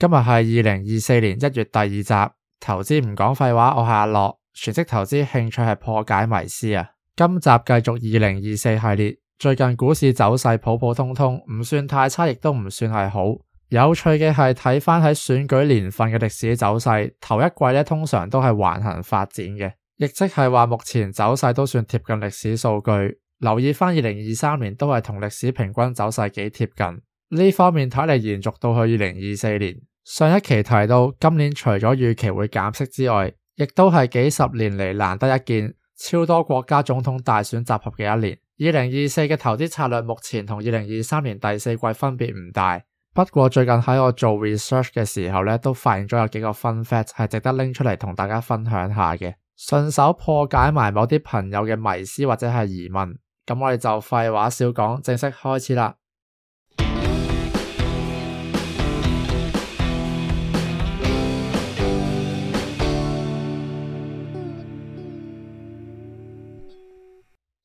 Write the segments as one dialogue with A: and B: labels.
A: 今日係二零二四年一月第二集，投資唔講廢話，我係阿樂，全職投資興趣係破解迷思啊！今集繼續二零二四系列，最近股市走勢普普通通，唔算太差，亦都唔算係好。有趣嘅係睇翻喺選舉年份嘅歷史走勢，頭一季呢通常都係橫行發展嘅，亦即係話目前走勢都算貼近歷史數據。留意翻二零二三年都係同歷史平均走勢幾貼近，呢方面睇嚟延續到去二零二四年。上一期提到，今年除咗預期會減息之外，亦都係幾十年嚟難得一見超多國家總統大選集合嘅一年。二零二四嘅投資策略目前同二零二三年第四季分別唔大，不過最近喺我做 research 嘅時候呢，都發現咗有幾個 fun fact 係值得拎出嚟，同大家分享下嘅，順手破解埋某啲朋友嘅迷思或者係疑問。咁我哋就廢話少講，正式開始啦。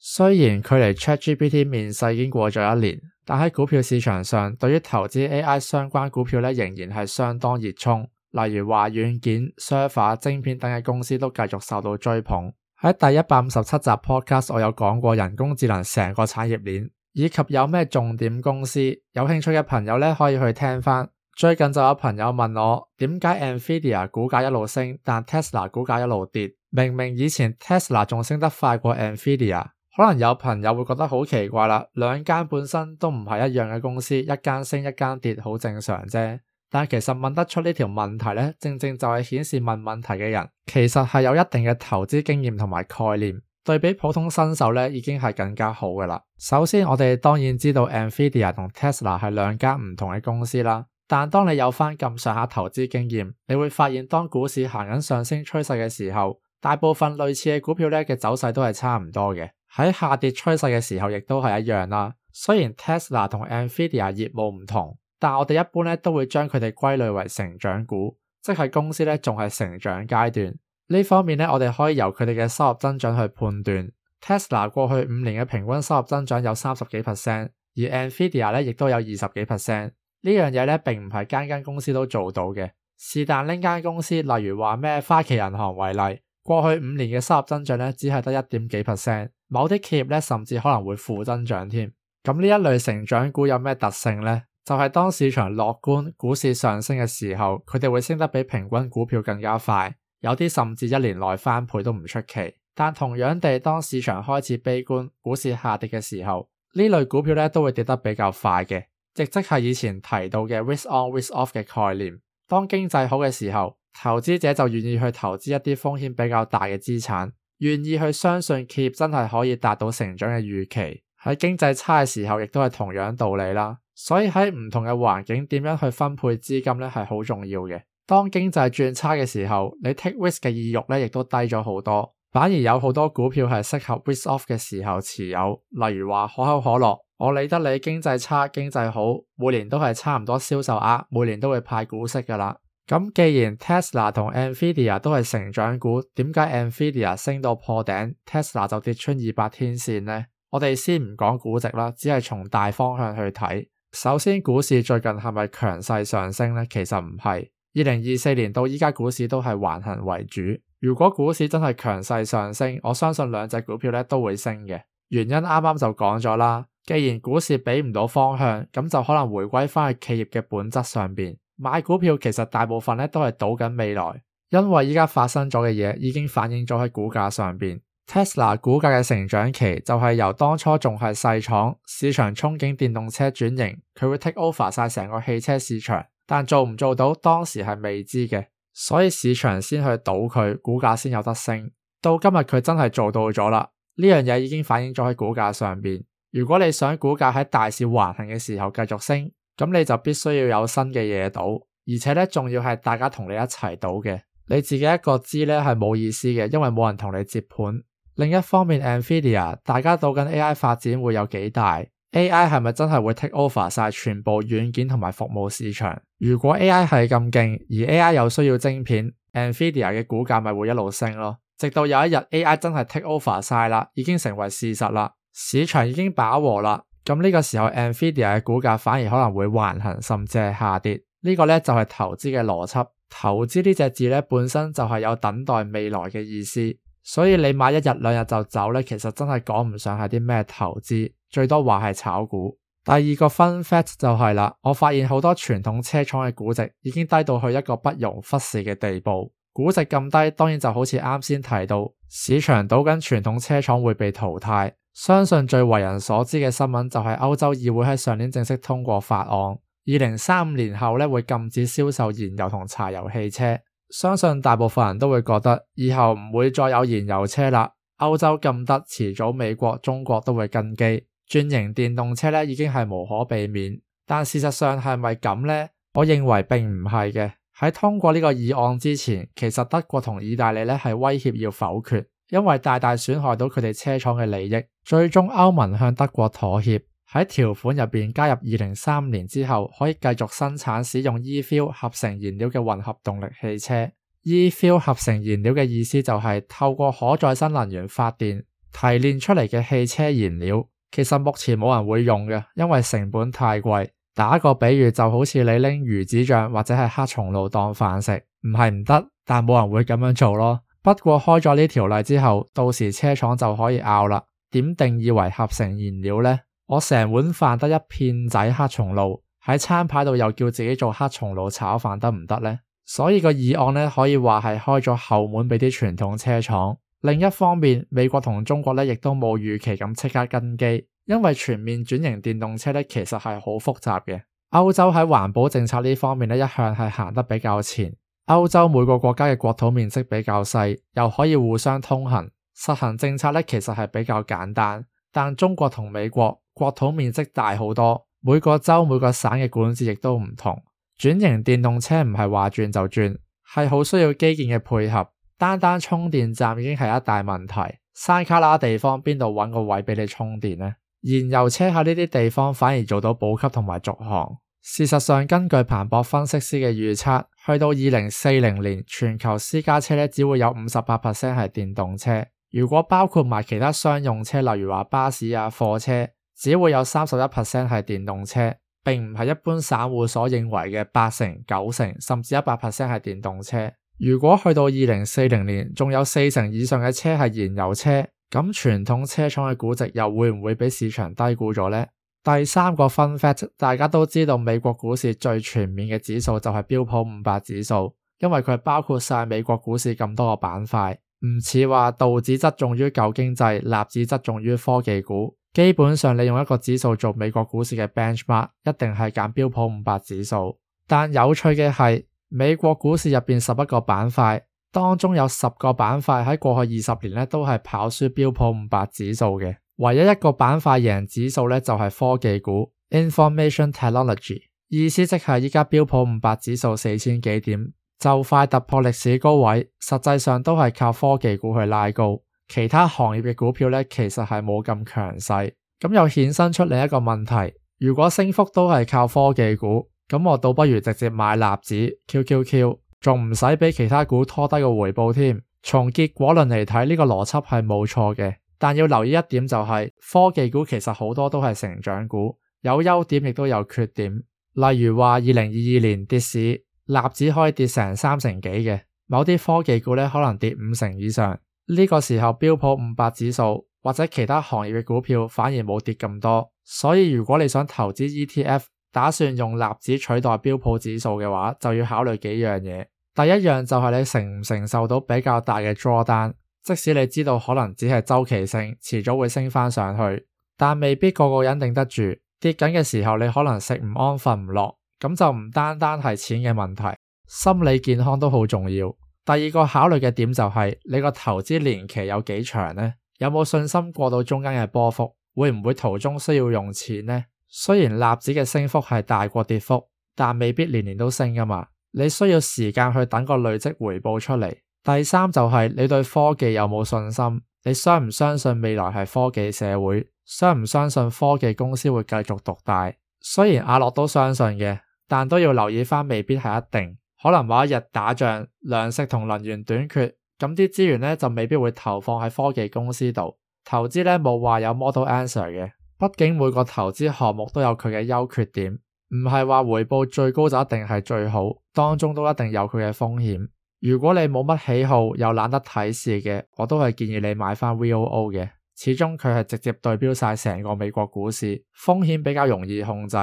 A: 雖然距離 ChatGPT 面世已經過咗一年，但喺股票市場上，對於投資 AI 相關股票咧，仍然係相當熱衷。例如，話軟件、Server 晶片等嘅公司都繼續受到追捧。喺第一百五十七集 Podcast，我有講過人工智能成個產業鏈以及有咩重點公司。有興趣嘅朋友咧，可以去聽翻。最近就有朋友問我點解 Nvidia 股價一路升，但 Tesla 股價一路跌，明明以前 Tesla 仲升得快過 Nvidia。可能有朋友會覺得好奇怪啦，兩間本身都唔係一樣嘅公司，一間升一間跌，好正常啫。但其實問得出呢條問題咧，正正就係顯示問問題嘅人其實係有一定嘅投資經驗同埋概念，對比普通新手咧已經係更加好嘅啦。首先我哋當然知道 Nvidia 同 Tesla 係兩間唔同嘅公司啦，但當你有翻咁上下投資經驗，你會發現當股市行緊上升趨勢嘅時候，大部分類似嘅股票咧嘅走勢都係差唔多嘅。喺下跌趨勢嘅時候，亦都係一樣啦。雖然 Tesla 同 NVIDIA 業務唔同，但我哋一般咧都會將佢哋歸類為成長股，即係公司咧仲係成長階段。呢方面咧，我哋可以由佢哋嘅收入增長去判斷。Tesla 過去五年嘅平均收入增長有三十幾 percent，而 NVIDIA 咧亦都有二十幾 percent。呢樣嘢咧並唔係間間公司都做到嘅，是但呢間公司，例如話咩花旗銀行為例。過去五年嘅收入增長咧，只係得一點幾 percent。某啲企業咧，甚至可能會負增長添。咁呢一類成長股有咩特性呢？就係當市場樂觀、股市上升嘅時候，佢哋會升得比平均股票更加快。有啲甚至一年內翻倍都唔出奇。但同樣地，當市場開始悲觀、股市下跌嘅時候，呢類股票咧都會跌得比較快嘅。亦即係以前提到嘅 risk on risk off 嘅概念。當經濟好嘅時候，投資者就願意去投資一啲風險比較大嘅資產，願意去相信企業真係可以達到成長嘅預期。喺經濟差嘅時候，亦都係同樣道理啦。所以喺唔同嘅環境，點樣去分配資金咧，係好重要嘅。當經濟轉差嘅時候，你 take risk 嘅意欲咧，亦都低咗好多。反而有好多股票係適合 risk off 嘅時候持有，例如話可口可樂，我理得你經濟差、經濟好，每年都係差唔多銷售額，每年都會派股息㗎喇。咁既然 Tesla 同 Nvidia 都係成長股，點解 Nvidia 升到破頂，Tesla 就跌穿二百天線呢？我哋先唔講估值啦，只係從大方向去睇。首先，股市最近係咪強勢上升呢？其實唔係。二零二四年到依家，股市都係橫行為主。如果股市真係強勢上升，我相信兩隻股票咧都會升嘅。原因啱啱就講咗啦。既然股市俾唔到方向，咁就可能回歸翻去企業嘅本質上邊。買股票其實大部分咧都係賭緊未來，因為依家發生咗嘅嘢已經反映咗喺股價上邊。Tesla 股價嘅成長期就係由當初仲係細廠，市場憧憬電動車轉型，佢會 take over 晒成個汽車市場，但做唔做到當時係未知嘅，所以市場先去賭佢股價先有得升。到今日佢真係做到咗啦，呢樣嘢已經反映咗喺股價上邊。如果你想股價喺大市橫行嘅時候繼續升。咁你就必須要有新嘅嘢賭，而且咧仲要係大家同你一齊賭嘅。你自己一個知咧係冇意思嘅，因為冇人同你接盤。另一方面，Nvidia 大家賭緊 A.I 發展會有幾大？A.I 係咪真係會 take over 晒全，全部軟件同埋服務市場？如果 A.I 係咁勁，而 A.I 又需要晶片，Nvidia 嘅股價咪會一路升咯。直到有一日 A.I 真係 take over 晒啦，已經成為事實啦，市場已經飽和啦。咁呢個時候，NVIDIA 嘅股價反而可能會橫行，甚至係下跌。呢、這個咧就係投資嘅邏輯。投資呢隻字咧本身就係有等待未來嘅意思。所以你買一日兩日就走咧，其實真係講唔上係啲咩投資，最多話係炒股。第二個分 u f a t 就係、是、啦，我發現好多傳統車廠嘅估值已經低到去一個不容忽視嘅地步。估值咁低，當然就好似啱先提到，市場倒緊傳統車廠會被淘汰。相信最為人所知嘅新聞就係歐洲議會喺上年正式通過法案，二零三五年後咧會禁止銷售燃油同柴油汽車。相信大部分人都會覺得以後唔會再有燃油車啦。歐洲禁得遲早，美國、中國都會跟機轉型電動車咧，已經係無可避免。但事實上係咪咁咧？我認為並唔係嘅。喺通過呢個議案之前，其實德國同意大利咧係威脅要否決。因為大大損害到佢哋車廠嘅利益，最終歐盟向德國妥協，喺條款入邊加入二零三五年之後可以繼續生產使用 e-fuel 合成燃料嘅混合動力汽車。e-fuel 合成燃料嘅意思就係透過可再生能源發電提煉出嚟嘅汽車燃料，其實目前冇人會用嘅，因為成本太貴。打個比喻就好似你拎魚子醬或者係黑松露當飯食，唔係唔得，但冇人會咁樣做咯。不過開咗呢條例之後，到時車廠就可以拗啦。點定義為合成燃料呢？我成碗飯得一片仔黑松露，喺餐牌度又叫自己做黑松露炒飯得唔得呢？所以個議案咧，可以話係開咗後門俾啲傳統車廠。另一方面，美國同中國咧，亦都冇預期咁即刻跟機，因為全面轉型電動車咧，其實係好複雜嘅。歐洲喺環保政策呢方面咧，一向係行得比較前。歐洲每個國家嘅國土面積比較細，又可以互相通行，實行政策咧其實係比較簡單。但中國同美國國土面積大好多，每個州每個省嘅管治亦都唔同。轉型電動車唔係話轉就轉，係好需要基建嘅配合。單單充電站已經係一大問題。山卡拉地方邊度搵個位俾你充電呢？燃油車喺呢啲地方反而做到補給同埋續航。事實上，根據彭博分析師嘅預測，去到二零四零年，全球私家車咧只會有五十八 percent 係電動車。如果包括埋其他商用車，例如話巴士啊、貨車，只會有三十一 percent 係電動車，並唔係一般散戶所認為嘅八成、九成甚至一百 percent 係電動車。如果去到二零四零年，仲有四成以上嘅車係燃油車，咁傳統車廠嘅估值又會唔會俾市場低估咗呢？第三個 fun fact，大家都知道美國股市最全面嘅指數就係標普五百指數，因為佢包括晒美國股市咁多個板塊，唔似話道指側重於舊經濟，納指側重於科技股。基本上你用一個指數做美國股市嘅 benchmark，一定係揀標普五百指數。但有趣嘅係，美國股市入邊十一個板塊，當中有十個板塊喺過去二十年咧都係跑輸標普五百指數嘅。唯一一個板塊贏指數咧，就係科技股 （Information Technology）。意思即係依家標普五百指數四千幾點，就快突破歷史高位。實際上都係靠科技股去拉高，其他行業嘅股票咧，其實係冇咁強勢。咁又衍生出另一個問題：如果升幅都係靠科技股，咁我倒不如直接買納指 （QQQ），仲唔使俾其他股拖低個回報添。從結果論嚟睇，呢個邏輯係冇錯嘅。但要留意一點就係、是、科技股其實好多都係成長股，有優點亦都有缺點。例如話二零二二年跌市，納指可以跌成三成幾嘅，某啲科技股咧可能跌五成以上。呢、這個時候標普五百指數或者其他行業嘅股票反而冇跌咁多。所以如果你想投資 ETF，打算用納指取代標普指數嘅話，就要考慮幾樣嘢。第一樣就係你承唔承受到比較大嘅 drawdown 即使你知道可能只係周期性，遲早會升翻上去，但未必個個人頂得住。跌緊嘅時候，你可能食唔安、瞓唔落，咁就唔單單係錢嘅問題，心理健康都好重要。第二個考慮嘅點就係，你個投資年期有幾長呢？有冇信心過到中間嘅波幅？會唔會途中需要用錢呢？雖然納指嘅升幅係大過跌幅，但未必年年都升噶嘛。你需要時間去等個累積回報出嚟。第三就係你對科技有冇信心？你相唔相信未來係科技社會？相唔相信科技公司會繼續獨大？雖然阿樂都相信嘅，但都要留意返，未必係一定。可能某一日打仗、糧食同能源短缺，咁啲資源咧就未必會投放喺科技公司度。投資咧冇話有 model answer 嘅，畢竟每個投資項目都有佢嘅優缺點，唔係話回報最高就一定係最好，當中都一定有佢嘅風險。如果你冇乜喜好又懶得睇市嘅，我都係建議你買翻 VOO 嘅，始終佢係直接對標晒成個美國股市，風險比較容易控制。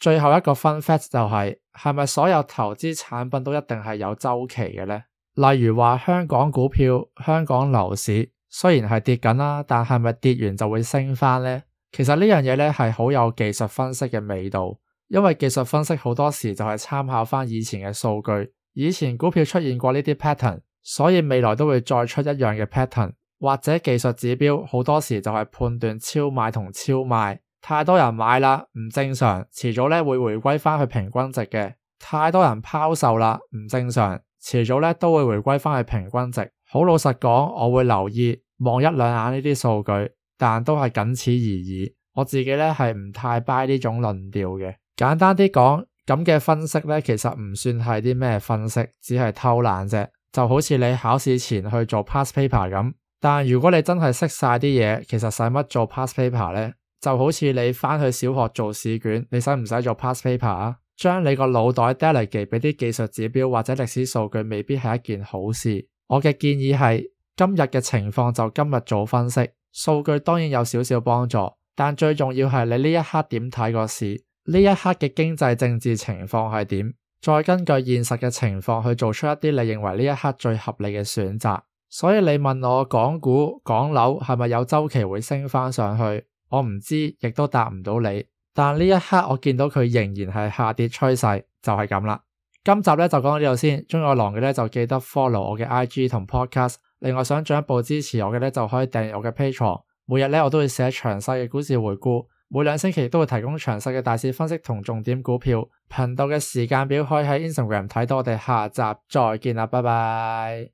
A: 最後一個 fun fact 就係，係咪所有投資產品都一定係有周期嘅呢？例如話香港股票、香港樓市，雖然係跌緊啦，但係咪跌完就會升翻呢？其實呢樣嘢咧係好有技術分析嘅味道，因為技術分析好多時就係參考翻以前嘅數據。以前股票出現過呢啲 pattern，所以未來都會再出一樣嘅 pattern，或者技術指標好多時就係判斷超買同超賣，太多人買啦唔正常，遲早咧會回歸翻去平均值嘅；太多人拋售啦唔正常，遲早咧都會回歸翻去平均值。好老實講，我會留意望一兩眼呢啲數據，但都係僅此而已。我自己咧係唔太 buy 呢種論調嘅。簡單啲講。咁嘅分析呢，其實唔算係啲咩分析，只係偷懶啫。就好似你考試前去做 past paper 咁。但如果你真係識晒啲嘢，其實使乜做 past paper 呢？就好似你翻去小學做試卷，你使唔使做 past paper 啊？將你個腦袋 delegate 俾啲技術指標或者歷史數據，未必係一件好事。我嘅建議係，今日嘅情況就今日做分析，數據當然有少少幫助，但最重要係你呢一刻點睇個市。呢一刻嘅經濟政治情況係點？再根據現實嘅情況去做出一啲你認為呢一刻最合理嘅選擇。所以你問我港股、港樓係咪有周期會升翻上去？我唔知，亦都答唔到你。但呢一刻我見到佢仍然係下跌趨勢，就係咁啦。今集咧就講到呢度先。中意我嘅咧就記得 follow 我嘅 IG 同 Podcast。另外想進一步支持我嘅咧就可以訂閱我嘅 Patreon。每日咧我都會寫詳細嘅股市回顧。每兩星期都會提供詳細嘅大市分析同重點股票頻道嘅時間表，可以喺 Instagram 睇到。我哋下集再見啦，拜拜。